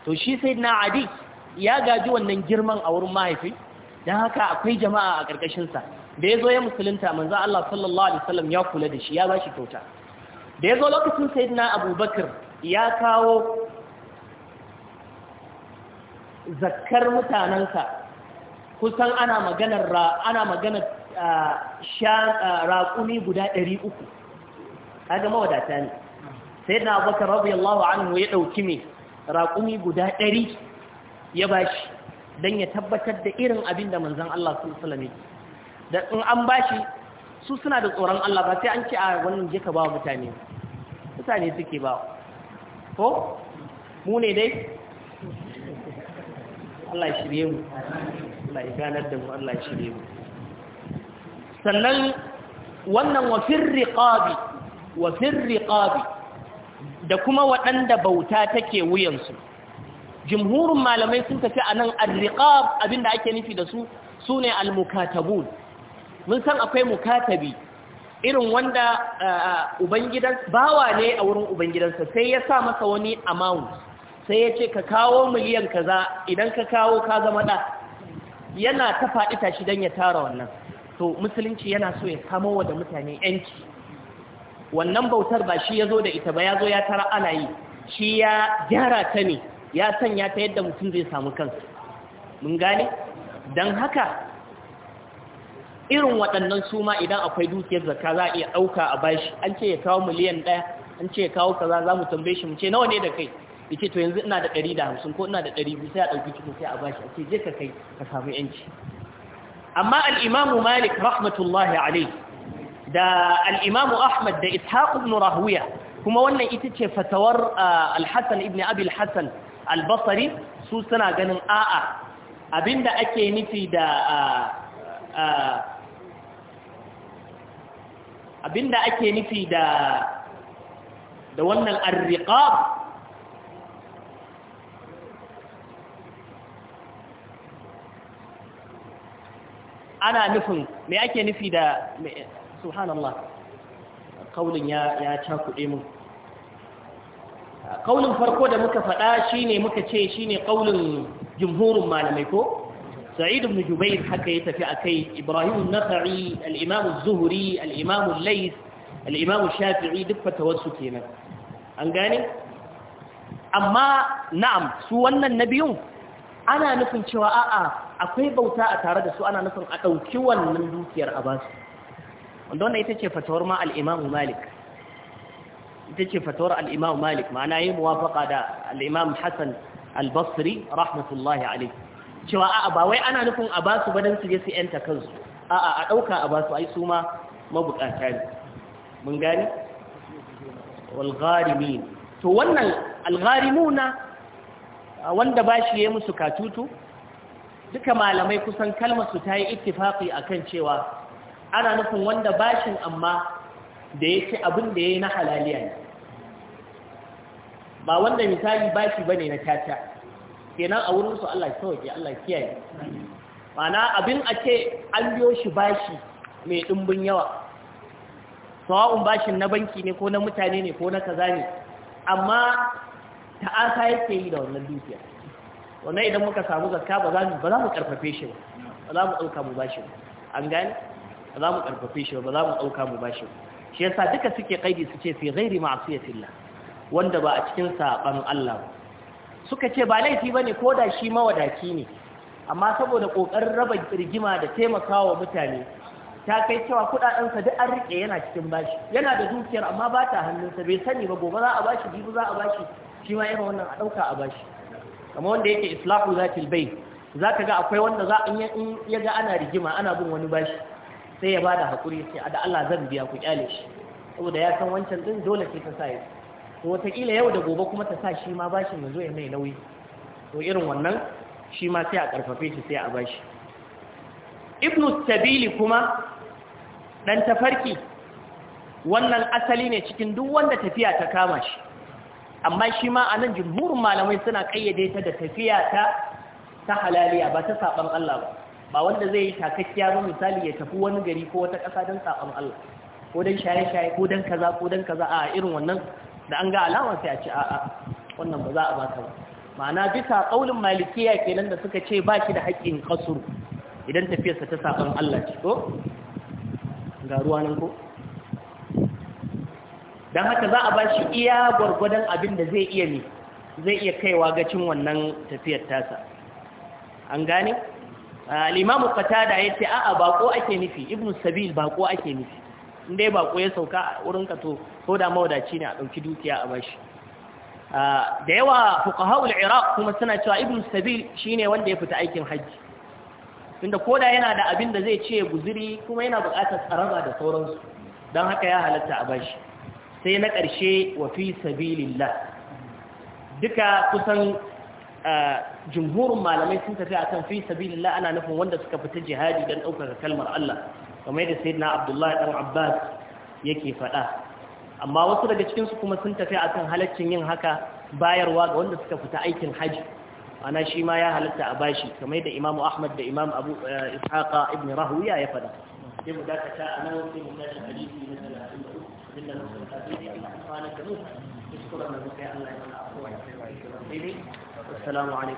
to shi sayyidina adiyu ya gaji wannan girman a wurin mahaifi don haka akwai jama'a a ƙarƙashinsa da ya zo ya musulunta manzan Allah sallallahu Alaihi wasallam ya kula da shi ya ba shi kyauta da ya zo lokacin na abubakar ya kawo zakkar mutanensa kusan ana maganar raƙuni guda ɗari uku kaga mawadata ne sayidina abubakar rabu yallahu anu ya ɗauki mai raƙumi guda ɗari ya bashi don ya tabbatar da irin abin da manzan Allah su musulmi da in an bashi su suna da tsoron Allah ba sai an ce a wannan jika ba mutane mutane suke ba ko mu ne dai Allah shirye mu Allah ya ganar da mu Allah shirye mu sannan wannan wa firriqabi wa firriqabi da kuma waɗanda bauta take wuyansu jimhurin malamai sun tafi a nan abin abinda ake nufi da su su ne almukatabun mun san akwai mukatabi irin wanda ubangidan bawa ne a wurin ubangidansa sai ya sa masa wani amount sai ya ce ka kawo miliyan kaza idan ka kawo ka zama da yana ta faɗi tashi don ya tara wannan to musulunci yana so ya samo da mutane yanci wannan bautar ba shi ya zo da ita ba ya zo ya tara ana yi shi ya gyara ta ne ya sanya ta yadda mutum zai samu kansa mun gane don haka irin waɗannan su ma idan akwai dukiyar zakka za a iya ɗauka a bashi an ce ya kawo miliyan ɗaya an ce ya kawo kaza za mu tambaye shi mu ce nawa ne da kai ya ce to yanzu ina da ɗari da hamsin ko ina da ɗari biyu sai a ɗauki cikin sai a bashi a ce je ka kai ka samu yanci amma al'imamu malik rahmatullahi alai da al'imamu ahmad da ishaq ibn rahuya kuma wannan ita ce fatawar ah, al-hassan ibn abi al-hassan albasari su suna ganin a'a abinda ake nufi da abinda ake nufi da da wannan arriqab ana nufin me ake nufi da subhanallah kaulin ya ya cakuɗe mun kaulin farko da muka faɗa shine muka ce shine kaulin jumhurin malamai ko sa'id ibn jubair haka ya tafi akai ibrahim an-nakhai al-imam az-zuhri al-imam al al-imam shafi'i duk fatawarsu kenan an gane amma na'am su wannan nabiyun ana nufin cewa a'a akwai bauta a tare da su ana nufin a dauki wannan dukiyar a basu wanda wannan ita ce fatawar ma al-imam malik ita ce fatawar al Malik ma'ana yayi muwafaqa da al-Imam Hassan al rahmatullahi alayhi cewa a'a ba wai ana nufin a basu ba dan su je su yanta kansu a'a a ɗauka a basu ai su ma mabukata ne mun gani wal gharimin to wannan al gharimuna wanda bashi yayi musu katutu duka malamai kusan kalmar su ta yi ittifaqi akan cewa ana nufin wanda bashin amma da ya ce abin da ya yi na halaliya ne ba wanda misali ba shi ba ne na caca kenan a wurinsu Allah sauke Allah kiyaye mana abin a ce an biyo shi bashi mai ɗumbin yawa sawa'un bashin na banki ne ko na mutane ne ko na kaza ne amma ta'asa yake yi da wannan dukiya wannan idan muka samu zakka ba za mu ba za mu karfafe shi ba ba za mu ɗauka mu bashi ba an gane ba za mu karfafe shi ba ba za mu ɗauka mu bashi ba shi yasa duka suke kaidi su ce fi ghairi ma'siyatillah wanda ba a cikin saban Allah suka ce ba laifi bane koda shi mawadaci ne amma saboda kokarin raba rigima da taimakawa mutane ta kai cewa sa duk an rike yana cikin bashi yana da dukiyar amma ba ta hannunsa bai sani ba gobe za a bashi jibi za a bashi shi ma irin wannan a dauka a bashi kamar wanda yake islahu zatil bayt zaka ga akwai wanda za in ya ga ana rigima ana bin wani bashi sai ya bada hakuri sai da Allah zan biya ku kyale shi saboda ya san wancan din dole sai ta sa ya to wataƙila yau da gobe kuma ta sa shi ma bashin yanzu ya mai nauyi to irin wannan shi ma sai a ƙarfafe shi sai a bashi ibnu sabili kuma dan tafarki wannan asali ne cikin duk wanda tafiya ta kama shi amma shi ma a nan jumhurin malamai suna ƙayyade ta da tafiya ta ta halaliya ba ta saɓan Allah ba ba wanda zai yi takakkiya ba misali ya tafi wani gari ko wata ƙasa don saƙon Allah ko don shaye-shaye ko don kaza ko don kaza a irin wannan da an ga alama sai a ce a'a wannan ba za a baka ba ma'ana bisa ƙaulin malikiya kenan da suka ce ba ki da haƙƙin kasuru idan tafiyarsa ta saƙon Allah ce ko ga ruwa nan ko don haka za a ba shi iya gwargwadon abin da zai iya ne zai iya kaiwa cin wannan tafiyar tasa an gane al ah, da ya ce a'a bako ake nufi Ibn sabil bako ake nufi ya bako ya sauka a wurin kato ko da mawadaci ne a ɗauki dukiya a bashi ah, da yawa fuqahaul iraq kuma suna cewa ibn sabil shine wanda ya fita aikin hajji. tunda koda yana da abin da zai ce guziri kuma yana buƙatar tsaraba da sauransu don haka ya halatta a bashi sai na ƙarshe wa fi sabilillah duka kusan jumhurin malamai sun tafi akan fi sabilillah ana nufin wanda suka fita jihadi don ɗaukaka kalmar Allah kamar yadda sayyidina Abdullahi dan Abbas yake faɗa amma wasu daga cikin su kuma sun tafi akan halaccin yin haka bayarwa ga wanda suka fita aikin haji ana shi ma ya halatta a bashi kamar yadda Imam Ahmad da Imam Abu eh, Ishaqa ibn Rahuya ya faɗa sai mu dakata a hadisi na 33 Allah ya mana afuwa sai السلام عليكم